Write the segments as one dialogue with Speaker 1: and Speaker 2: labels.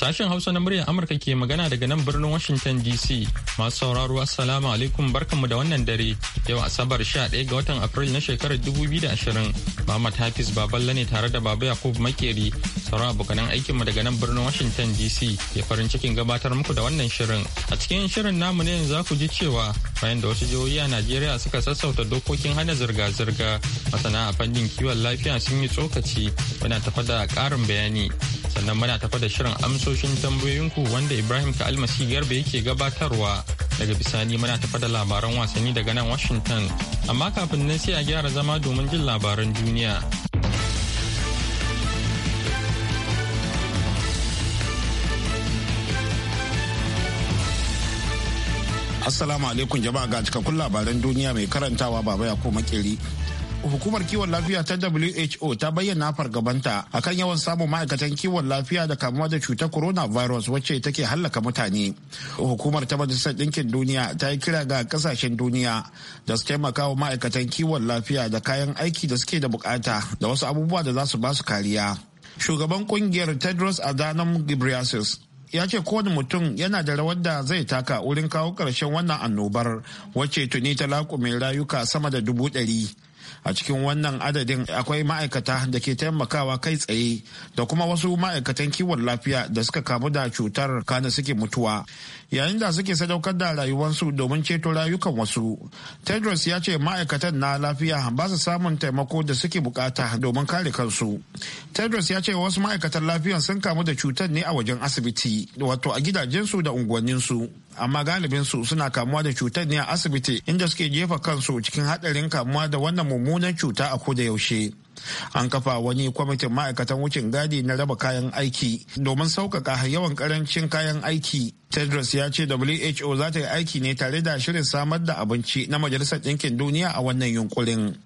Speaker 1: Sashen Hausa na muryar Amurka ke magana daga nan birnin Washington DC. Masu sauraro Assalamu alaikum barkanmu da wannan dare. Yau Asabar 11 ga watan Afrilu na shekarar 2020. Muhammad Hafiz Baballe ne tare da Baba Yakub Makeri sauran abokanan aikinmu daga nan birnin Washington DC ke farin cikin gabatar muku da wannan shirin. A cikin shirin namu ne za ku ji cewa bayan da wasu jihohi a Najeriya suka sassauta dokokin hana zirga-zirga masana a fannin kiwon lafiya sun yi tsokaci muna tafa da ƙarin bayani. Sannan muna tafa da shirin amsoshin tambayoyinku wanda Ibrahim ka almasi garba yake gabatarwa. Daga bisani muna tafa da labaran wasanni daga nan Washington. Amma kafin nan sai a gyara zama domin jin labaran duniya.
Speaker 2: Assalamu alaikum jama'a ga cikakkun labaran duniya mai karantawa baba ya ko makeri. hukumar kiwon lafiya ta WHO ta bayyana fargabanta akan yawan samun ma'aikatan kiwon lafiya da kamuwa da cutar coronavirus wacce take hallaka mutane. Hukumar ta Majalisar Ɗinkin Duniya ta yi kira ga kasashen duniya da su taimaka wa ma'aikatan kiwon lafiya da kayan aiki da suke da bukata da wasu abubuwa da za su ba su kariya. Shugaban kungiyar Tedros Adhanom Ghebreyesus ya ce kowane mutum yana da rawar da zai taka wurin kawo ƙarshen wannan annobar wacce tuni ta laƙume rayuka sama da dubu ɗari. a cikin wannan adadin akwai ma'aikata da ke taimakawa kai tsaye da kuma wasu ma'aikatan kiwon lafiya da suka kamu da cutar kana suke mutuwa yayin da suke sadaukar da rayuwarsu domin ceto rayukan wasu tedros ya ce ma'aikatan na lafiya ba su samun taimako da suke bukata domin kare kansu tedros ya ce wasu ma'aikatan lafiyan sun kamu da cutar ne a wajen asibiti wato a gidajensu da unguwanninsu amma galibin su suna kamuwa da cutar ne a asibiti inda suke jefa kansu cikin haɗarin kamuwa da wannan mummunan cuta a da yaushe an kafa wani kwamitin ma'aikatan wucin gadi na raba kayan aiki domin sauƙaƙa yawan ƙarancin kayan aiki tedros ya ce who za ta yi aiki ne tare da shirin samar da abinci na majalisar ɗinkin duniya a wannan yunkurin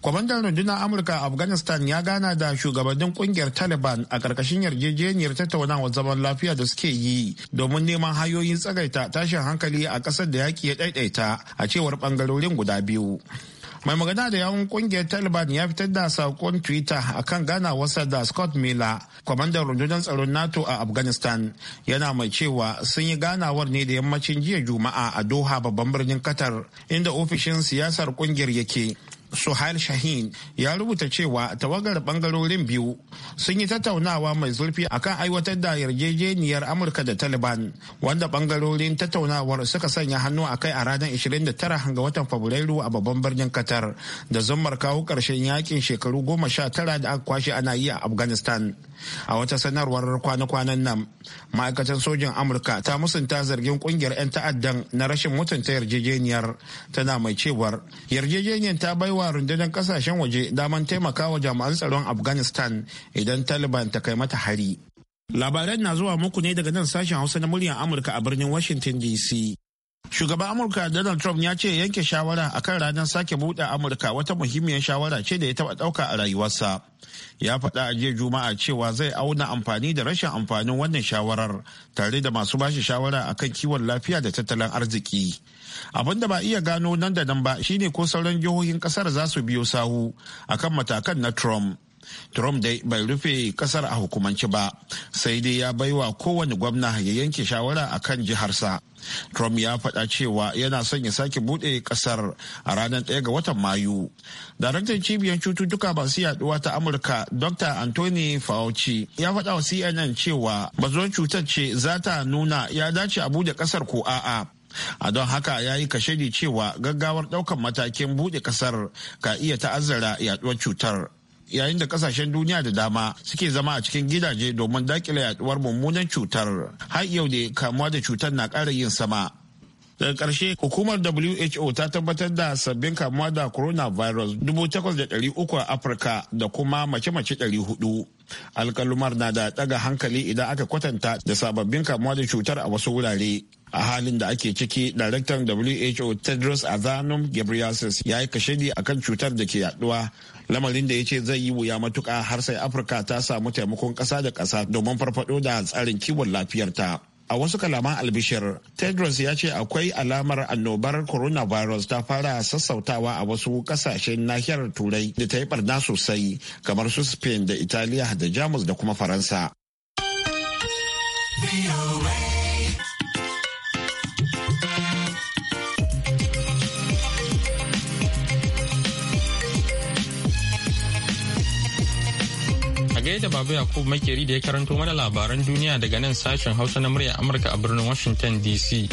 Speaker 2: kwamandan rundunar amurka a afghanistan ya gana da shugabannin kungiyar taliban a ƙarƙashin yarjejeniyar tattaunawar zaman lafiya da suke yi domin neman hanyoyin tsagaita tashin hankali a ƙasar da yaƙi ya ɗaiɗaita a cewar ɓangarorin guda biyu mai magana da yawun kungiyar taliban ya fitar da sakon twitter a kan ganawarsa da scott miller kwamandan rundunar tsaron nato a afghanistan yana mai cewa sun yi ganawar ne da yammacin jiya juma'a a doha babban birnin qatar inda ofishin siyasar kungiyar yake Suhail Shahin ya rubuta cewa tawagar bangarorin biyu sun yi tattaunawa mai zurfi akan aiwatar da yarjejeniyar Amurka da Taliban wanda bangarorin tattaunawar suka sanya hannu a kai a ranar 29 ga watan Fabrairu a babban birnin Qatar da zumar kawo karshen yakin shekaru goma sha tara da aka kwashe ana yi a Afghanistan. A wata sanarwar kwana-kwanan nan, ma'aikatan sojin Amurka ta musunta zargin kungiyar 'yan ta'addan na rashin mutunta yarjejeniyar tana mai cewar yarjejeniyar ta baiwa cewa rundunar kasashen waje daman taimakawa jami'an tsaron afghanistan idan taliban ta kai mata hari labaran na zuwa muku ne daga nan sashen hausa na muryar amurka a birnin washington dc shugaban amurka donald trump ya ce yanke shawara akan ranar sake buɗe amurka wata muhimmiyar shawara ce da ya taɓa ɗauka a rayuwarsa ya faɗa a jiya juma'a cewa zai auna amfani da rashin amfanin wannan shawarar tare da masu bashi shawara akan kiwon lafiya da tattalin arziki abin da ba iya gano nan da nan ba shine ko sauran jihohin kasar za su biyo sahu akan matakan na trump trump dai bai rufe kasar a hukumanci ba sai dai ya baiwa kowane gwamna ya yanke shawara a kan jiharsa trump ya faɗa cewa yana son ya sake buɗe kasar a ranar 1 ga watan mayu daraktan cibiyar cututtuka masu yaduwa ta amurka dr anthony fauci ya faɗa wa cnn cewa bazuwan cutar ce za ta nuna ya dace a buɗe kasar ko a'a a don haka ya yi kashedi cewa gaggawar daukan matakin buɗe ƙasar ka iya ta'azzara yaduwar cutar yayin da kasashen duniya da dama suke zama a cikin gidaje domin dakile yaduwar mummunan cutar har yau da kamuwa da cutar na ƙara yin sama daga ƙarshe hukumar who ta tabbatar da sabbin kamuwa da coronavirus 8,300 a afirka da kuma mace-mace 400 alkalumar na da daga hankali idan aka kwatanta da sababbin kamuwa da cutar a wasu wurare a halin da ake ciki daraktan who tedros adhanom ghebreyesus ya yi a kan cutar da ke yaduwa lamarin da ya ce zai yi wuya matuka har sai afirka ta samu taimakon kasa da kasa domin farfado da tsarin kiwon lafiyarta a wasu kalaman albishir tedros ya ce akwai alamar annobar coronavirus ta fara sassautawa a wasu kasashen nahiyar turai da ta yi barna sosai kamar su spain da italiya da jamus da kuma faransa.
Speaker 1: da babu Yakub Makeri da ya karanto mana labaran duniya daga nan sashen Hausa na murya Amurka a birnin Washington DC.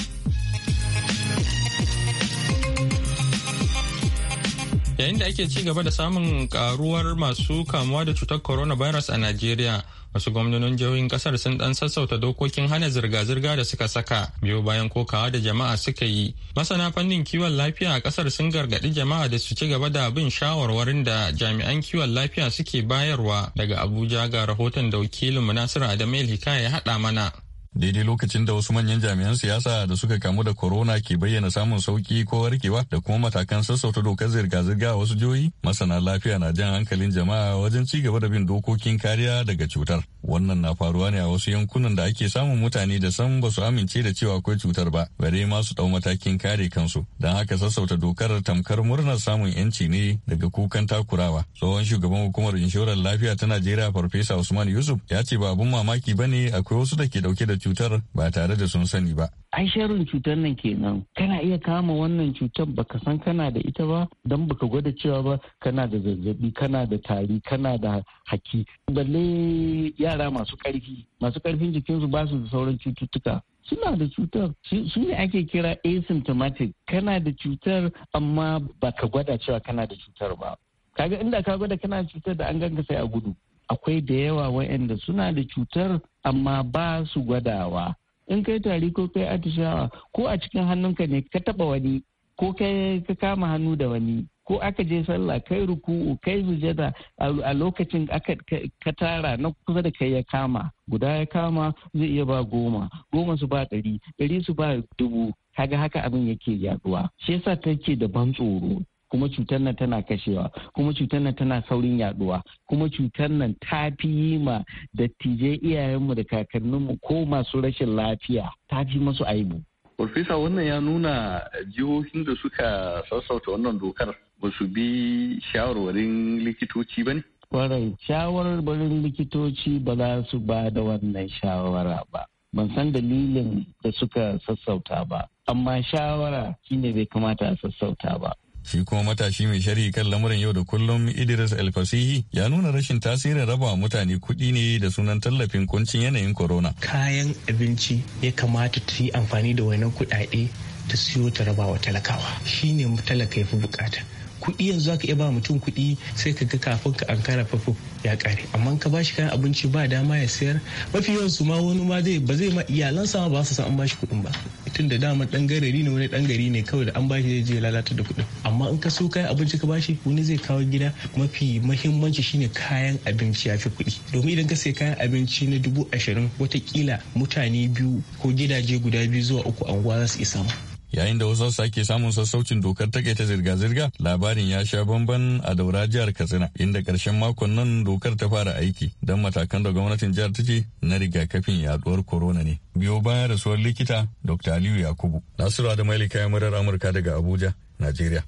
Speaker 1: yayin da ake ci gaba da samun karuwar masu kamuwa da cutar coronavirus a najeriya wasu gwamnonin jihohin kasar sun dan sassauta dokokin hana zirga-zirga da suka saka biyo bayan kokawa da jama'a suka yi masana fannin kiwon lafiya a kasar sun gargaɗi jama'a da su ci gaba da bin shawarwarin da jami'an kiwon lafiya suke bayarwa daga abuja ga rahoton da wakilin munasir adamu hikaya ya haɗa mana
Speaker 3: daidai lokacin da wasu manyan jami'an siyasa da suka kamu da corona ke bayyana samun sauki ko warkewa da kuma matakan sassauta dokar zirga-zirga a wasu jihohi masana lafiya na jan hankalin jama'a wajen ci gaba da bin dokokin kariya daga cutar wannan na faruwa ne a wasu yankunan da ake samun mutane da san ba su amince da cewa akwai cutar ba bare ma su dau matakin kare kansu don haka sassauta dokar tamkar murnar samun yanci ne daga kukan takurawa tsohon shugaban hukumar inshorar lafiya ta najeriya farfesa usman yusuf ya ce ba abun mamaki ba ne akwai wasu da ke dauke da cutar ba tare da sun sani ba.
Speaker 4: Ai sharin cutar nan kenan kana iya kama wannan cutar baka san kana da ita ba don ka gwada cewa ba kana da zazzabi kana da tari kana da haki balle yara masu karfi masu karfin jikinsu ba su da sauran cututtuka suna da cutar su ne ake kira asymptomatic kana da cutar amma baka gwada cewa kana da cutar ba kaga inda ka gwada kana cutar da an ganka sai a gudu akwai da yawa waɗanda suna da cutar amma ba su gwadawa in kai tari ko kai atishawa ko a cikin hannunka ne ka taba wani ko kai ka kama hannu da wani ko aka je sallah kai ruku'u kai sujada a lokacin aka ka tara na kusa da kai ya kama guda ya kama zai iya ba goma goma su ba ɗari ɗari su ba dubu kaga haka abin yake yaduwa shi yasa take da ban tsoro kuma cutar nan tana kashewa kuma cutar nan tana saurin yaduwa kuma cutar nan ta fi yi ma dattijai iyayenmu da kakanninmu ko masu rashin lafiya ta fi masu aibu.
Speaker 3: Profesa wannan ya nuna jihohin da suka sassauta wannan dokar ba su bi shawarwarin likitoci ba ne?
Speaker 4: Kwarai, shawarwarin likitoci ba za su ba da wannan shawara ba. Ban san dalilin da suka sassauta ba, amma shawara shine bai kamata a sassauta ba.
Speaker 3: Shi kuma matashi mai sharhi kan lamuran yau da kullum Idris alfasihi ya nuna rashin tasirin raba mutane kuɗi ne da sunan tallafin kuncin yanayin corona.
Speaker 5: Kayan abinci ya kamata ta yi amfani da wainar kuɗaɗe ta siyo ta raba wa talakawa. Shi ne talaka ya fi bukata. kuɗi yanzu zaka iya ba mutum kuɗi sai ka ga kafin ka ankara fafo ya kare amma ka bashi kayan abinci ba dama ya sayar mafi yawan su ma wani ma zai ba zai ma iyalansa ma ba su san an bashi kuɗin ba tun da dama dan garari ne wani dan gari ne kawai da an bashi zai je lalata da kuɗin amma in ka so kayan abinci ka bashi wani zai kawo gida mafi mahimmanci shine kayan abinci ya fi kuɗi domin idan ka sai kayan abinci na dubu ashirin watakila mutane biyu ko gidaje guda biyu zuwa uku unguwa
Speaker 3: za su isa mu yayin da wasu sake samun sassaucin dokar takaita zirga-zirga labarin ya sha bamban a daura jihar katsina inda karshen makon nan dokar ta fara aiki don matakan da gwamnatin jihar ta ce na rigakafin yaduwar corona ne biyo bayan rasuwar likita dr aliyu yakubu nasiru adamaili kayan murar amurka daga abuja najeriya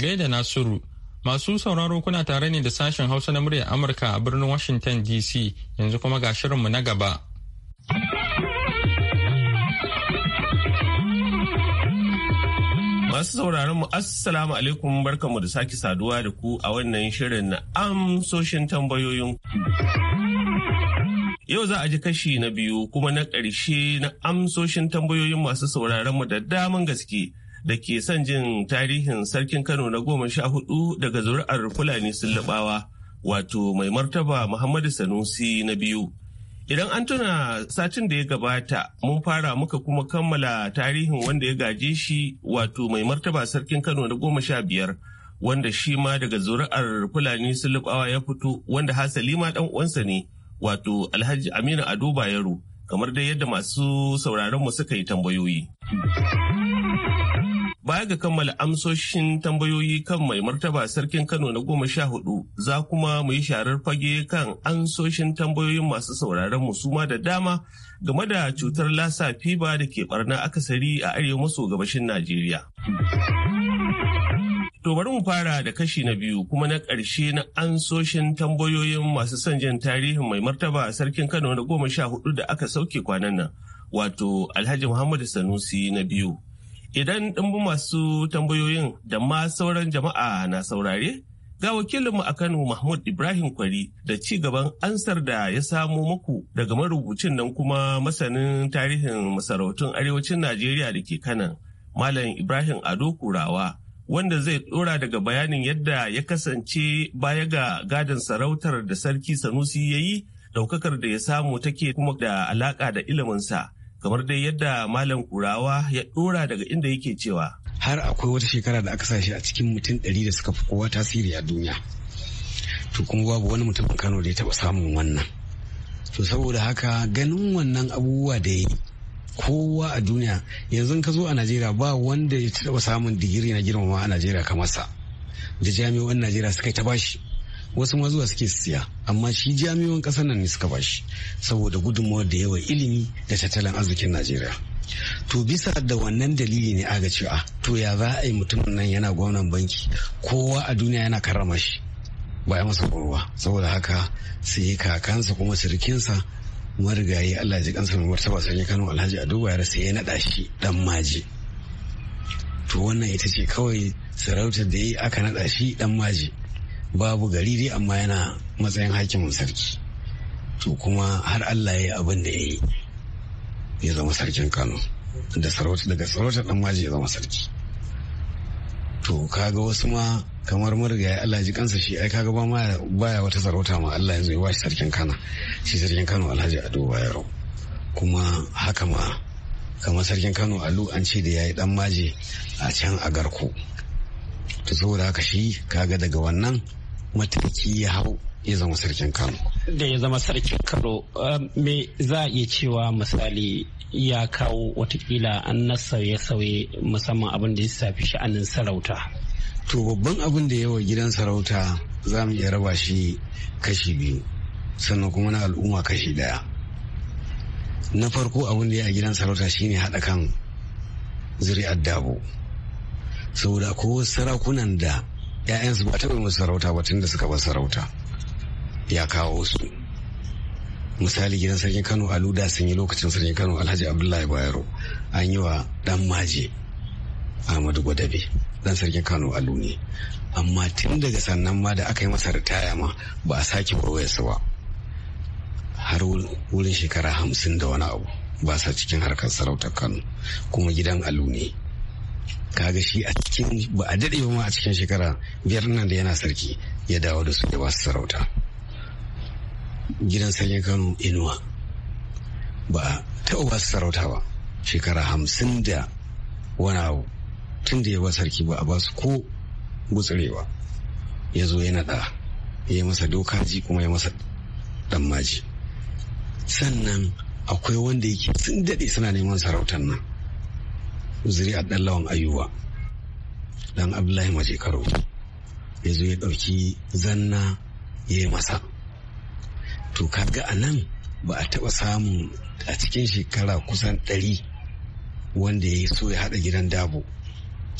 Speaker 1: gaida nasiru masu sauraro kuna tare ne da sashen hausa na muryar amurka a birnin washington dc yanzu kuma ga shirinmu na gaba
Speaker 5: Masu sauraron mu assalamu alaikum barkanmu da sake saduwa da ku a wannan shirin na amsoshin tambayoyin. Yau za a ji kashi na biyu kuma na ƙarshe na amsoshin tambayoyin masu sauraron mu da daman gaske da ke son jin tarihin sarkin Kano na goma sha hudu daga zuri'ar Fulani Sullubawa wato mai martaba Muhammadu Sanusi na biyu. Idan an tuna satin da ya gabata mun fara muka kuma kammala tarihin wanda ya gaje shi wato mai martaba sarkin Kano na goma sha biyar wanda shi ma daga zuri'ar Fulani Sulubawa ya fito wanda hasali ma dan uwansa ne wato Alhaji Aminu Ado Bayero kamar dai yadda masu sauraron mu suka yi tambayoyi. Baya ga kammala amsoshin tambayoyi kan mai martaba sarkin Kano na goma sha hudu za kuma mu yi sharar fage kan amsoshin tambayoyin masu sauraron mu suma da dama game da cutar lasa fiba da ke barna akasari a arewa maso gabashin Najeriya. To bari mu fara da kashi na biyu kuma na ƙarshe na ansoshin tambayoyin masu son jin tarihin mai martaba sarkin Kano na goma sha hudu da aka sauke kwanan nan wato Alhaji Muhammadu Sanusi na biyu. Idan ɗumbin masu tambayoyin da ma sauran jama'a na saurare, ga wakilinmu a Kano Mahmud Ibrahim Kwari da ci gaban ansar da ya samo muku daga marubucin nan kuma masanin tarihin masarautun arewacin Najeriya da ke Kanan, Malam Ibrahim Ado Kurawa. wanda zai ɗora daga bayanin yadda ya kasance baya ga gadon sarautar da sarki sanusi ya yi daukakar da ya samu take kuma da alaƙa da iliminsa kamar dai yadda malam kurawa ya dora daga inda yake cewa
Speaker 6: har akwai wata shekara da aka sashi a cikin mutum ɗari da suka fi kowa tasiri a duniya to kuma babu wani mutumin kano da ya taɓa samun wannan to saboda haka ganin wannan abubuwa da ya kowa a duniya yanzu ka zo a najeriya ba wanda ya taɓa samun digiri na girmama a najeriya kamar sa da jami'o'in najeriya suka ta bashi wasu ma zuwa suke siya amma shi jami'an kasar nan ne suka bashi saboda gudunmawar da yawa ilimi da tattalin arzikin najeriya to bisa da wannan dalili ne aga cewa to ya za a yi mutumin nan yana gwamnan banki kowa a duniya yana karrama shi ba ya masa ba saboda haka sai kakansa kuma sirkinsa marigayi Allah ji kansa mai martaba sanya Kano Alhaji Ado yara sai ya naɗa shi dan maji to wannan ita ce kawai sarautar da ya yi aka naɗa shi dan maji babu gari dai amma yana matsayin hakimin sarki to kuma har allah ya yi abin da ya yi ya zama sarkin kano da sarauta daga sarauta dan maji ya zama sarki to kaga wasu ma kamar ya allah ji kansa shi ai kaga ba baya wata sarauta ma allah yanzu ya bashi sarkin kana shi sarkin kano alhaji ado bayero kuma haka ma kamar sarkin kano alu an ce da ya dan maje a can a garko to saboda haka shi kaga daga wannan mataki ya hau ya zama sarkin kano
Speaker 7: da ya zama sarkin kano um, me za a iya cewa misali ya kawo watakila an na sauye-sauye musamman abin da ya safi sha'anin sarauta to babban abin da yawa gidan
Speaker 6: sarauta za mu iya raba shi kashi biyu sannan kuma na al'umma kashi daya na farko abin da ya a gidan sarauta shine haɗa kan zuri'ar dabo saboda kowa sarakunan da 'ya'yansu ba taɓa musu sarauta ba tun da suka bar sarauta ya kawo su misali gidan sarkin kano aluda sun yi lokacin sarkin kano alhaji abdullahi bayero an yi wa dan maje ahmadu gwadabe dan sarkin kano alu ne amma tun daga sannan ma da aka yi masa ritaya ma ba a sake su ba har wurin shekara hamsin da wani abu ba sa cikin harkar sarautar kano kuma gidan alu ne kaga shi a cikin ba a daɗe ma a cikin shekara biyar nan da yana sarki ya dawo da su ya su sarauta gidan sanyin kano inuwa ba a taɓa basu sarauta ba shekara hamsin da wani abu tun da ya ba sarki ba a basu ko gutsurewa ya zo yana da ya yi masa dokaji kuma ya masa ɗan maji sannan akwai wanda yake sun daɗe suna neman sarautar nan a ɗan lawan ayuba dan abdullahi mace karo ya zo ya ɗauki zanna ya yi masa to kaga a nan ba a taɓa samun a cikin shekara kusan ɗari wanda ya yi so ya haɗa gidan dabo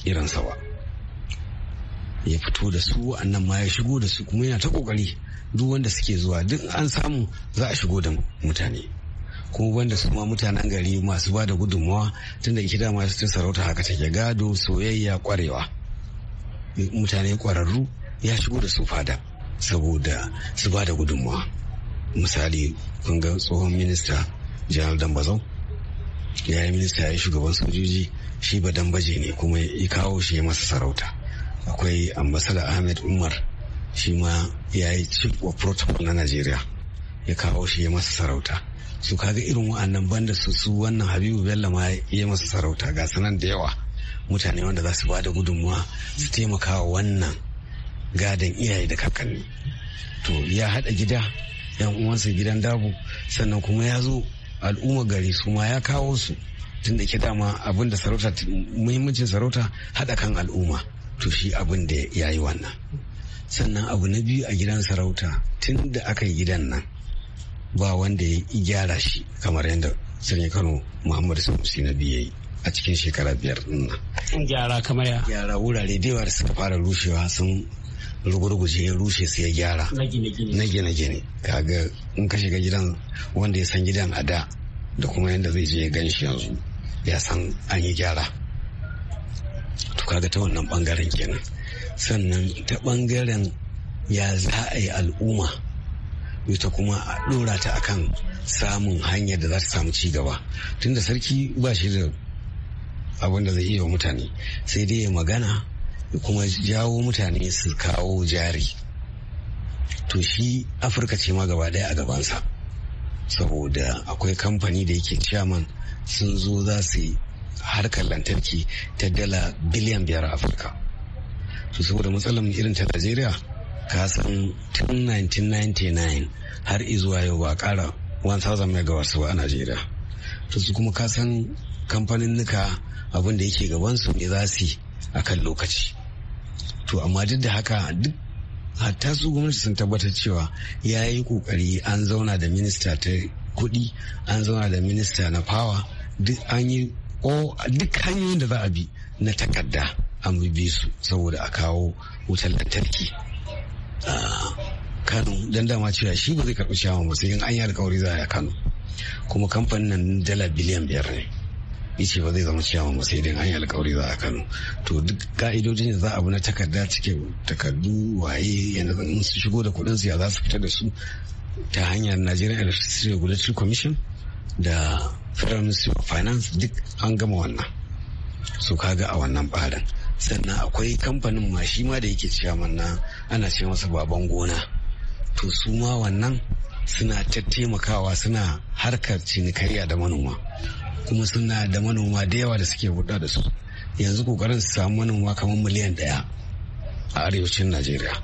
Speaker 6: irin ba ya fito da su wa'annan ma ya shigo da su kuma yana ta ƙoƙari duk wanda suke zuwa duk an samu za a shigo da mutane kuma wanda su ma mutanen gari masu ba da gudunmawa tun da kida masu cin sarauta haka take gado soyayya kwarewa mutane kwararru ya shigo da su fada saboda su ba da gudunmawa misali kun ga tsohon minista janar dambazau ya yi minista ya yi shugaban sojoji shi ba dambaje ne kuma ya kawo shi ya masa sarauta akwai ambasada ahmed umar shi ma ya yi chief of protocol na najeriya ya kawo shi ya masa sarauta su kaga irin wa'annan banda su su wannan habibu bello ma ya masa sarauta ga sanan da yawa mutane wanda za su ba da gudunmuwa su taimaka wa wannan gadon iyaye da kakanni to ya haɗa gida yan uwansa gidan dabu sannan kuma ya zo al'umma gari su ma ya kawo su tun da ke dama abin da sarauta muhimmancin sarauta haɗa kan al'umma to shi abin da ya yi wannan sannan abu na biyu a gidan sarauta tun da aka yi gidan nan ba wanda ya gyara shi kamar yadda sanya kano muhammadu sanusi na biyu yi a cikin shekara biyar nan. gyara kamar ya gyara wurare da yawa da suka fara rushewa sun rugurguje ya rushe su ya gyara na gine-gine kaga in ka shiga gidan wanda ya san gidan a da da kuma yadda zai je ya gan shi yanzu ya san an yi gyara to kaga ta wannan bangaren kenan sannan ta bangaren ya za a yi al'umma ita kuma a ɗora ta akan samun hanyar da za ta samu ci gaba tunda sarki ba shi da abin da zai iya mutane sai dai ya magana kuma jawo mutane su kawo jari to shi afirka ce ma gaba daya a gabansa saboda akwai kamfani da yake chairman sun zo za su yi harkar lantarki ta dala biliyan biyar a afirka to saboda matsalar irin ta najeriya kasan tun 1999 har izuwa yau ba kara 1000 megawatts ba a najeriya to su kuma kasan kamfanin nuka abin da yake su ne za su yi a kan lokaci to amma duk da haka duk hatta su gwamnati sun tabbatar cewa ya yi kokari an zauna da minista ta kudi an zauna da minista na fawa duk an yi duk hanyoyin da za a bi na takarda an bi su saboda a kawo wutar lantarki kano dan dama cewa shi ba zai karɓi ciyaman ba sai in an yi alkawari za a yi kano kuma kamfanin nan dala biliyan biyar ne ice ba zai zama ciyawan ba sai dai an yi alkawari za a kano to duk ka'idojin da za a bi na takarda cike takardu waye yana zan su shigo da kuɗin su ya za su fita da su ta hanyar nigerian electricity regulatory commission da federal ministry of finance duk an gama wannan su kaga a wannan barin sannan akwai kamfanin ma shi ma da yake ciyaman na ana ce masa baban gona to su ma wannan suna ta taimakawa suna harkar cinikayya da manoma kuma suna da manoma da yawa da suke hudu da su yanzu kokarin su samu manoma kamar miliyan daya a arewacin najeriya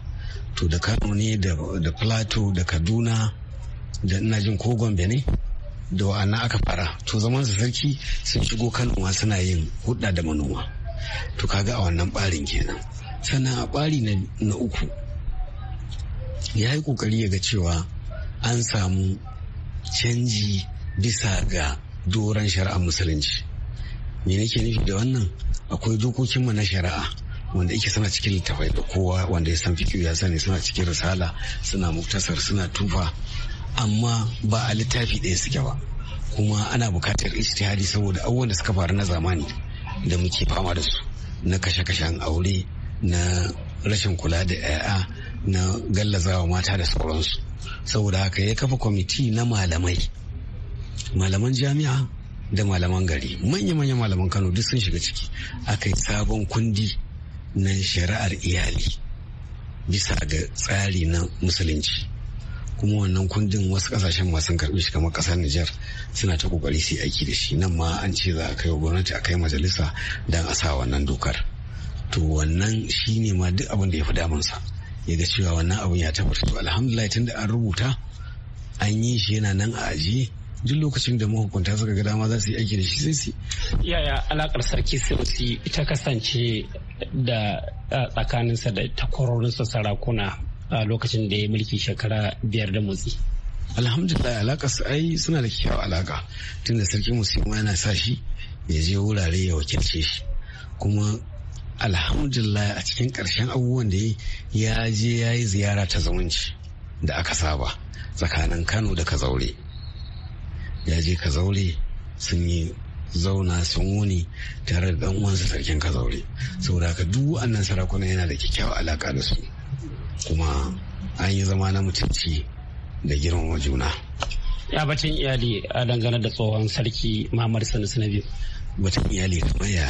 Speaker 6: to da kano ne da plateau da kaduna da ina jin ko gombe ne da wa'ana aka fara to zaman su sarki sun shigo kano ma suna yin hudda da manoma to kaga a wannan barin kenan sannan a bari na uku ya yi kokari ya ga cewa an samu canji bisa ga doron shari'ar musulunci me nake nufi da wannan akwai dokokinmu na shari'a wanda yake suna cikin littafai da kowa wanda ya san fikiyu ya sani suna cikin risala suna muktasar suna tufa amma ba a littafi ɗaya suke ba kuma ana bukatar ijtihadi saboda abubuwan da suka faru na zamani da muke fama da su na kashe-kashen aure na rashin kula da 'ya'ya na gallazawa mata da sauransu saboda haka ya kafa kwamiti na malamai malaman jami'a da malaman gari manya-manya malaman kano duk sun shiga ciki aka yi sabon kundi na shari'ar iyali bisa ga tsari na musulunci kuma wannan kundin wasu kasashen masu karbi shi kamar kasar Nijar suna ta kokari su yi aiki da shi nan ma an ce za a kai gwamnati a kai majalisa don a sa wannan dokar to wannan ne ma duk abin da ya fi damunsa ya ga cewa wannan abin ya tabbata to alhamdulillah tunda an rubuta an yi shi yana nan a ajiye duk lokacin da mahukunta suka ga dama za su yi aiki da shi sai su
Speaker 7: yaya alakar sarki sirusi ita kasance da tsakaninsa da takwarorinsa sarakuna a lokacin da ya mulki shekara biyar da motsi alhamdulillah alakar su ai
Speaker 6: suna da alaƙa alaka tunda sarki musulma yana sa shi ya je wurare ya wakilce shi kuma alhamdulillah a cikin ƙarshen abubuwan da ya je ya yi ziyara ta zumunci da aka saba tsakanin kano da kazaure ya je kazaure sun yi zauna sun wuni tare da uwansa sarkin kazaure saboda haka duk wannan sarakuna yana da kyakkyawa alaƙa da su kuma an yi zama na mutunci da girmama juna
Speaker 7: ya bacin iyali a dangane da tsohon sarki mamar sanusi na biyu bacin iyali kamar ya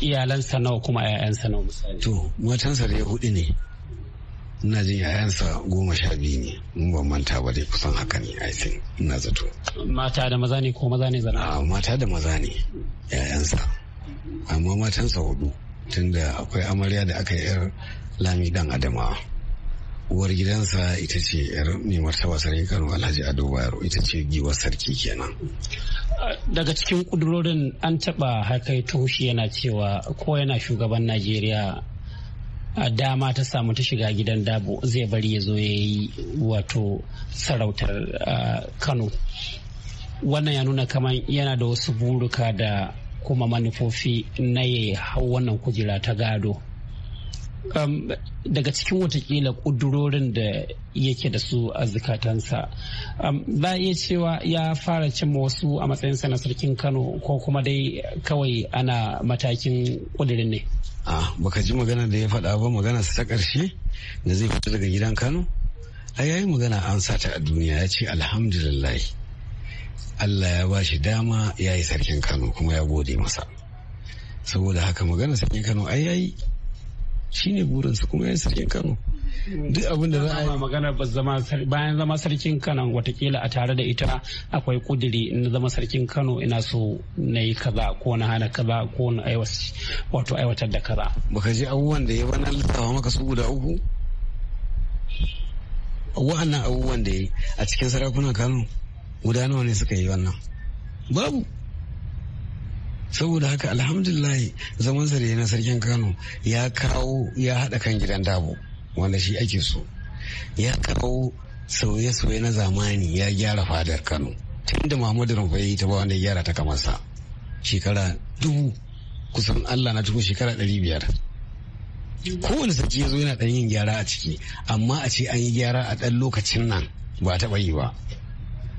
Speaker 7: iyalansa nawa kuma yayansa nawa misali to matansa da ya hudu ne
Speaker 6: ina jin yayansa goma sha biyu ne mun ban manta ba dai kusan haka ne i think ina zato
Speaker 7: mata da maza ne ko maza ne zana a ah, mata da maza ne yayansa
Speaker 6: amma matansa hudu tunda akwai amarya da aka yi lami dan Adama uwar gidansa ita ce yar mai martaba sarki kano alhaji ado bayero ita ce giwar sarki kenan
Speaker 7: daga cikin kudurorin an taba hakai tushi yana cewa ko yana shugaban najeriya a dama ta samu ta shiga gidan dabo zai bari ya zo ya yi wato sarautar kano wannan ya nuna kamar yana da wasu buruka da kuma manufofi na ya hau wannan kujera ta gado Um, daga cikin watakila ƙudurorin da yake da su a zukatansa um, za a iya cewa ya fara cimma wasu a sa na sarkin kano ko kuma dai kawai ana matakin kudurin ne
Speaker 6: ah baka ji magana da ya faɗa ba magana ta ƙarshe da zai fita daga gidan kano a yayi magana an sata a duniya ya ce alhamdulillah allah ya ba shi dama ya yi sarkin kano kuma ya gode masa saboda haka magana sarkin kano ai yayi shine burinsu kuma yan sarkin kano
Speaker 7: duk abin da za a yi zama bayan zama sarkin kano watakila a tare da ita akwai kudiri na zama sarkin kano ina so na yi kaza ko na hana kaza ko na wato aiwatar da kaza
Speaker 6: baka ji abubuwan da ya bana lissafa maka su guda uku wa'annan abubuwan da ya a cikin sarakunan kano guda nawa ne suka yi wannan babu saboda haka alhamdulillah zaman sa na sarkin kano ya kawo ya haɗa kan gidan dabo wanda shi ake so ya kawo sauye-sauye na zamani ya gyara fadar kano tun da muhammadu yi ta ba wanda gyara ta kamarsa shekara dubu kusan allah na tuku shekara ɗari biyar kowane sarki ya zo yana ɗan yin gyara a ciki amma a ce an yi gyara a ɗan lokacin nan ba taɓa yi ba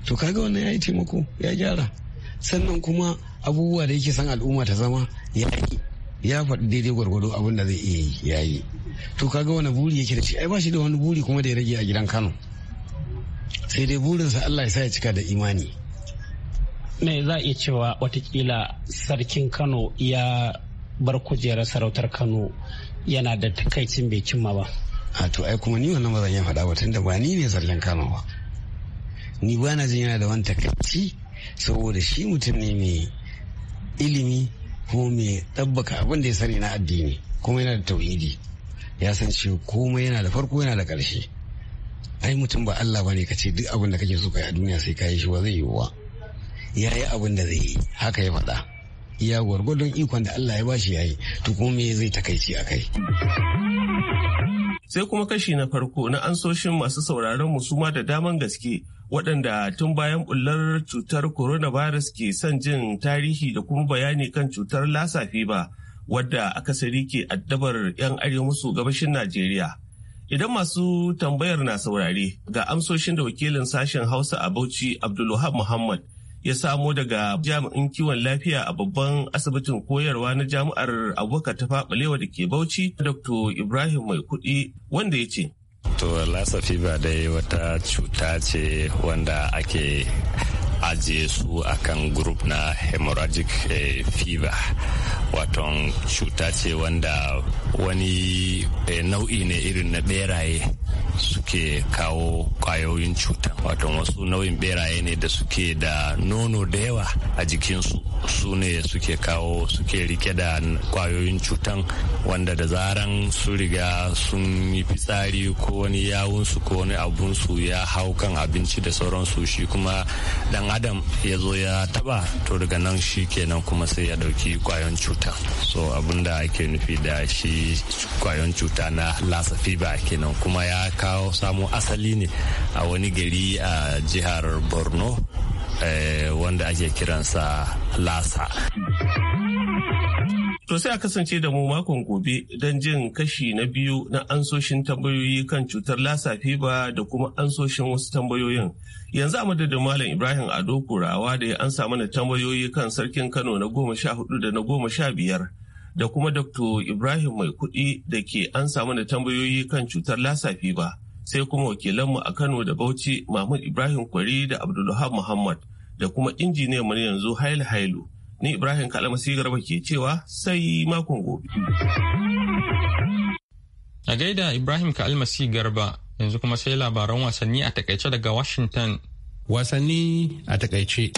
Speaker 6: to kaga wannan ya yi taimako ya gyara sannan kuma abubuwa da yake san al'umma ta zama ya yi ya faɗi daidai gwargwado abin da zai iya yi ya yi to kaga wani buri yake da shi ai
Speaker 7: ba shi da wani buri kuma da ya rage a gidan kano sai dai burinsa allah ya sa ya cika da imani me za a iya cewa watakila sarkin kano ya bar kujerar sarautar kano yana da takaicin bai cimma ba a to ai kuma ni wannan ba zan iya faɗa ba tunda ba ni ne sarkin kano ba ni ba na jin yana da wani
Speaker 6: takaici saboda shi mutum ne mai ilimi ko mai ɗabbaka abin da ya sani na addini kuma yana da tauhidi ya san cewa komai yana da farko yana da ƙarshe ai mutum ba Allah bane ka ce duk abin da kake so kai a duniya sai ka shi ba zai yi wa ya yi abin da zai yi haka ya faɗa iya gwargwadon ikon da Allah ya bashi ya yi to kuma me zai takaici a kai.
Speaker 5: sai kuma kashi na farko na ansoshin masu sauraron musuma da daman gaske waɗanda tun bayan bullar cutar coronavirus ke son jin tarihi da kuma bayani kan cutar lasa ba wadda akasari ke addabar 'yan arewa gabashin najeriya idan masu tambayar na saurare ga amsoshin da wakilin sashen hausa a bauchi abdulwahab muhammad ya samo daga jami'in kiwon lafiya a babban asibitin koyarwa na jami'ar abubakar ta faɓalewa da ke bauchi dr ibrahim mai kuɗi wanda ya ce
Speaker 8: to lassa fever dai wata cuta ce wanda ake aje su akan group na hemorrhagic eh, fever waton cuta ce wanda wani eh, nau'i ne irin na beraye suke kawo kwayoyin cuta waton wasu nau'in beraye ne da suke da nono da yawa a jikinsu su ne suke kawo suke rike da kwayoyin cutan wanda da zaran su riga sun yi fitsari ko wani yawunsu ko wani abunsu ya hau kan abinci da sauransu shi kuma dan adam ya zo ya taba to daga nan shi kenan kuma sai ya dauki kwayon cuta so abinda ake nufi da shi kwayon cuta na lasa fiba kenan kuma ya kawo samo asali ne a wani gari a jihar borno eh, wanda ake kiransa lasa.
Speaker 5: To sai a kasance da mu makon gobe don jin kashi na biyu na ansoshin tambayoyi kan cutar lasa fiba da kuma ansoshin wasu tambayoyin. Yanzu a madadin Malam Ibrahim Ado Kurawa da ya ansa mana tambayoyi kan sarkin Kano na goma sha hudu da na goma sha biyar da kuma Dr. Ibrahim Mai Kuɗi da ke ansa mana tambayoyi kan cutar lasa fiba. Sai kuma wakilanmu a Kano da Bauchi Mahmud Ibrahim Kwari da Abdulhab Muhammad da kuma injiniyan mu yanzu Hailu Hailu. Ni Ibrahim Kalamasi Garba ke cewa
Speaker 1: sai makon gobe. A gaida Ibrahim almasi Garba yanzu kuma sai labaran wasanni a takaice daga Washington. Wasanni a takaice.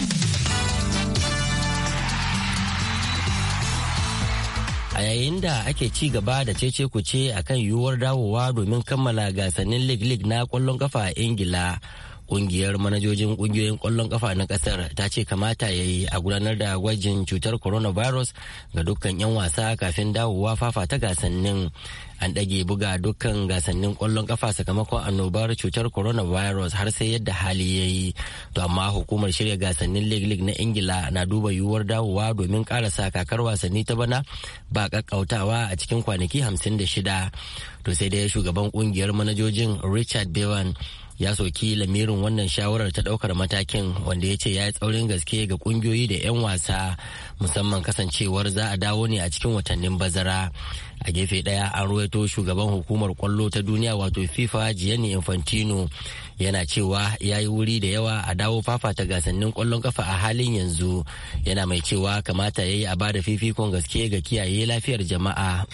Speaker 9: A yayin da ake ci gaba da cece kuce a kan yiwuwar dawowa domin kammala gasannin League League na kwallon kafa a Ingila. Kungiyar manajojin kungiyoyin kwallon kafa na kasar ta ce kamata ya yi a gudanar da gwajin cutar coronavirus ga dukkan 'yan wasa kafin dawowa fafa ta gasannin. An ɗage buga dukkan gasannin kwallon kafa sakamakon annobar cutar coronavirus har sai yadda hali ya yi. To amma hukumar shirya gasannin League League na Ingila na duba yiwuwar dawowa domin karasa kakar wasanni ta bana ba kakkautawa a cikin kwanaki 56. To sai dai shugaban kungiyar manajojin Richard Bevan ya soki lamirin wannan shawarar ta daukar matakin wanda ya ce ya yi tsaurin gaske ga kungiyoyi da 'yan wasa musamman kasancewar za a dawo ne a cikin watannin bazara a gefe daya an ruwaito shugaban hukumar kwallo ta duniya wato fifa gianni infantino yana cewa ya yi wuri da yawa a dawo fafata gasannin kwallon kafa a halin yanzu yana mai cewa kamata ya yi a bada fifikon gaske ga kiyaye lafiyar jama'a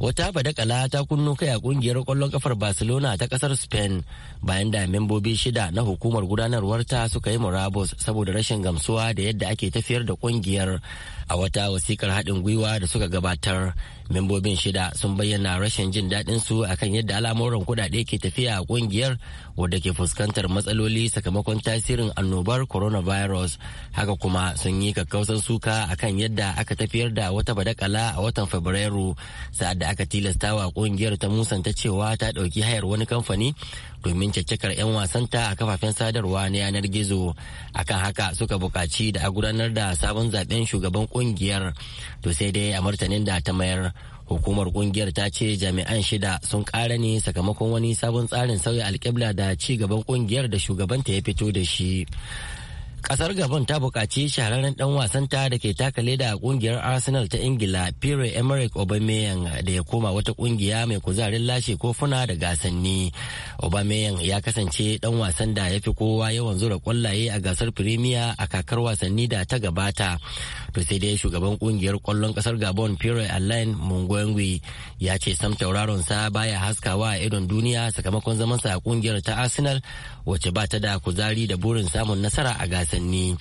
Speaker 9: wata badakala ta kunno kai a kungiyar kwallon kafar barcelona ta kasar spain bayan da membobi shida na hukumar gudanarwarta suka yi murabus saboda rashin gamsuwa da yadda ake tafiyar da kungiyar a wata wasikar haɗin gwiwa da suka gabatar membobin shida sun bayyana rashin jin daɗin su akan yadda al'amuran kuɗaɗe ke tafiya a ƙungiyar wadda ke fuskantar matsaloli sakamakon tasirin annobar coronavirus haka kuma sun yi kakkausan suka akan yadda aka tafiyar da wata badakala a watan fabrairu sa'ad da aka tilastawa ƙungiyar ta musanta cewa ta ɗauki hayar wani kamfani domin caccakar 'yan wasanta a kafafen sadarwa na yanar gizo akan haka suka bukaci da a gudanar da sabon zaben shugaban kungiyar to sai dai a martanin da ta mayar hukumar kungiyar ta ce jami'an shida sun ƙara ne sakamakon wani sabon tsarin sauya alƙibla da ci gaban kungiyar da shugabanta ya fito da shi Kasar Gabon ta bukaci shahararren ɗan wasanta da ke taka leda a kungiyar Arsenal ta Ingila Pierre Emerick Aubameyang da ya koma wata kungiya mai kuzarin lashe kofuna da gasanni. Aubameyang ya kasance dan wasan da ya fi kowa yawan zura kwallaye a gasar Premier a kakar wasanni da ta gabata. To sai dai shugaban kungiyar kwallon kasar Gabon Pierre Alain Mungwengwi ya ce sam tauraron sa baya haskawa a idon duniya sakamakon zamansa a kungiyar ta Arsenal wacce ba ta da kuzari da burin samun nasara a gasar. wasanni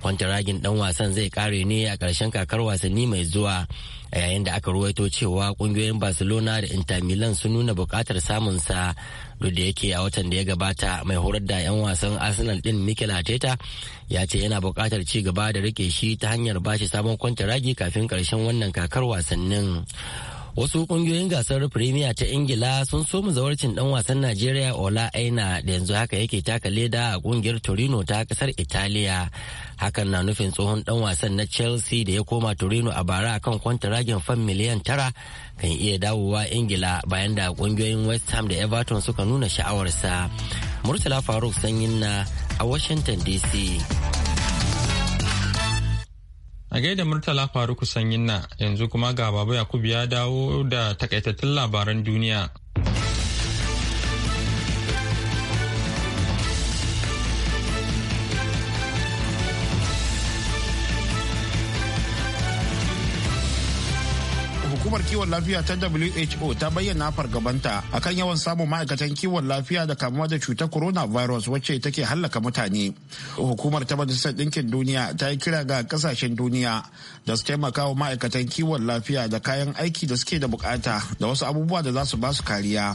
Speaker 9: kwantaragin dan wasan zai kare ne a karshen kakar wasanni mai zuwa a yayin da aka ruwaito cewa kungiyoyin barcelona da inter milan sun nuna bukatar samunsa duk da yake a watan da ya gabata mai horar da 'yan wasan arsenal din mikel arteta ya ce yana bukatar ci gaba da rike shi ta hanyar bashi sabon kwantaragi kafin karshen wannan kakar wasannin wasu kungiyoyin gasar premier ta ingila sun so zawarcin dan wasan najeriya ola aina da yanzu haka yake taka leda a kungiyar torino ta kasar italiya hakan na nufin tsohon dan wasan na chelsea da ya koma torino a bara akan kwantaragen fan miliyan tara kan iya dawowa ingila bayan da kungiyoyin west ham da everton suka nuna sha'awarsa murtala faruk sanyin na a washington dc
Speaker 1: A gaida Murtala faru Sanyin na yanzu kuma ga Baba Yakubu ya dawo da takaitattun labaran duniya.
Speaker 2: hukumar kiwon lafiya ta WHO ta bayyana fargabanta akan yawan samun ma'aikatan kiwon lafiya da kamuwa da cutar coronavirus wacce take hallaka mutane. Hukumar ta Majalisar Ɗinkin Duniya ta yi kira ga kasashen duniya da su taimaka wa ma'aikatan kiwon lafiya da kayan aiki da suke da bukata da wasu abubuwa da za su ba su kariya.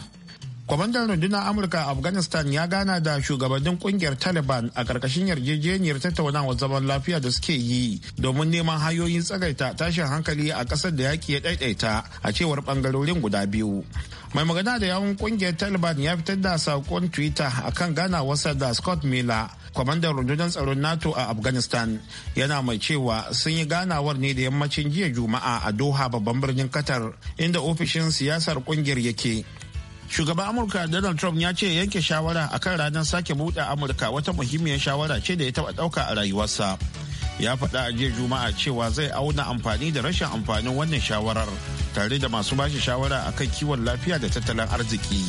Speaker 2: kwamandan rundunar amurka a afghanistan ya gana da shugabannin kungiyar taliban a karkashin yarjejeniyar tattaunawa zaman lafiya da suke yi domin neman hanyoyin tsagaita tashin hankali a kasar da yaki ya daidaita a cewar bangarorin guda biyu mai magana da yawun kungiyar taliban ya fitar da sakon twitter akan ganawarsa da scott miller kwamandan rundunar tsaron nato a afghanistan yana mai cewa sun yi ganawar ne da yammacin jiya juma'a a doha babban birnin qatar inda ofishin siyasar kungiyar yake shugaban amurka donald trump ya ce yanke shawara akan ranar sake buɗe amurka wata muhimmiyar shawara ce da ya taɓa ɗauka a rayuwarsa ya faɗa a jiya juma'a cewa zai auna amfani da rashin amfanin wannan shawarar tare da masu bashi shawara akan kiwon lafiya da tattalin arziki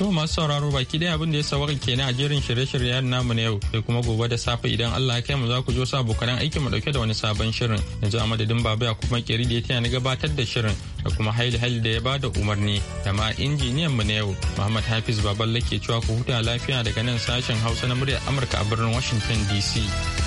Speaker 1: To masu sauraro baki daya abin da ya sawarin kenan a jerin shirye-shiryen namu na yau sai kuma gobe da safe idan Allah ya kai mu za ku jo sa abokan aikin mu dauke da wani sabon shirin yanzu a madadin baba ya kuma keri da ya tana gabatar da shirin da kuma haili haili da ya bada umarni da ma injiniyan mu na yau Muhammad Hafiz Baballe ke cewa ku huta lafiya daga nan sashen Hausa na muryar Amurka a birnin Washington DC.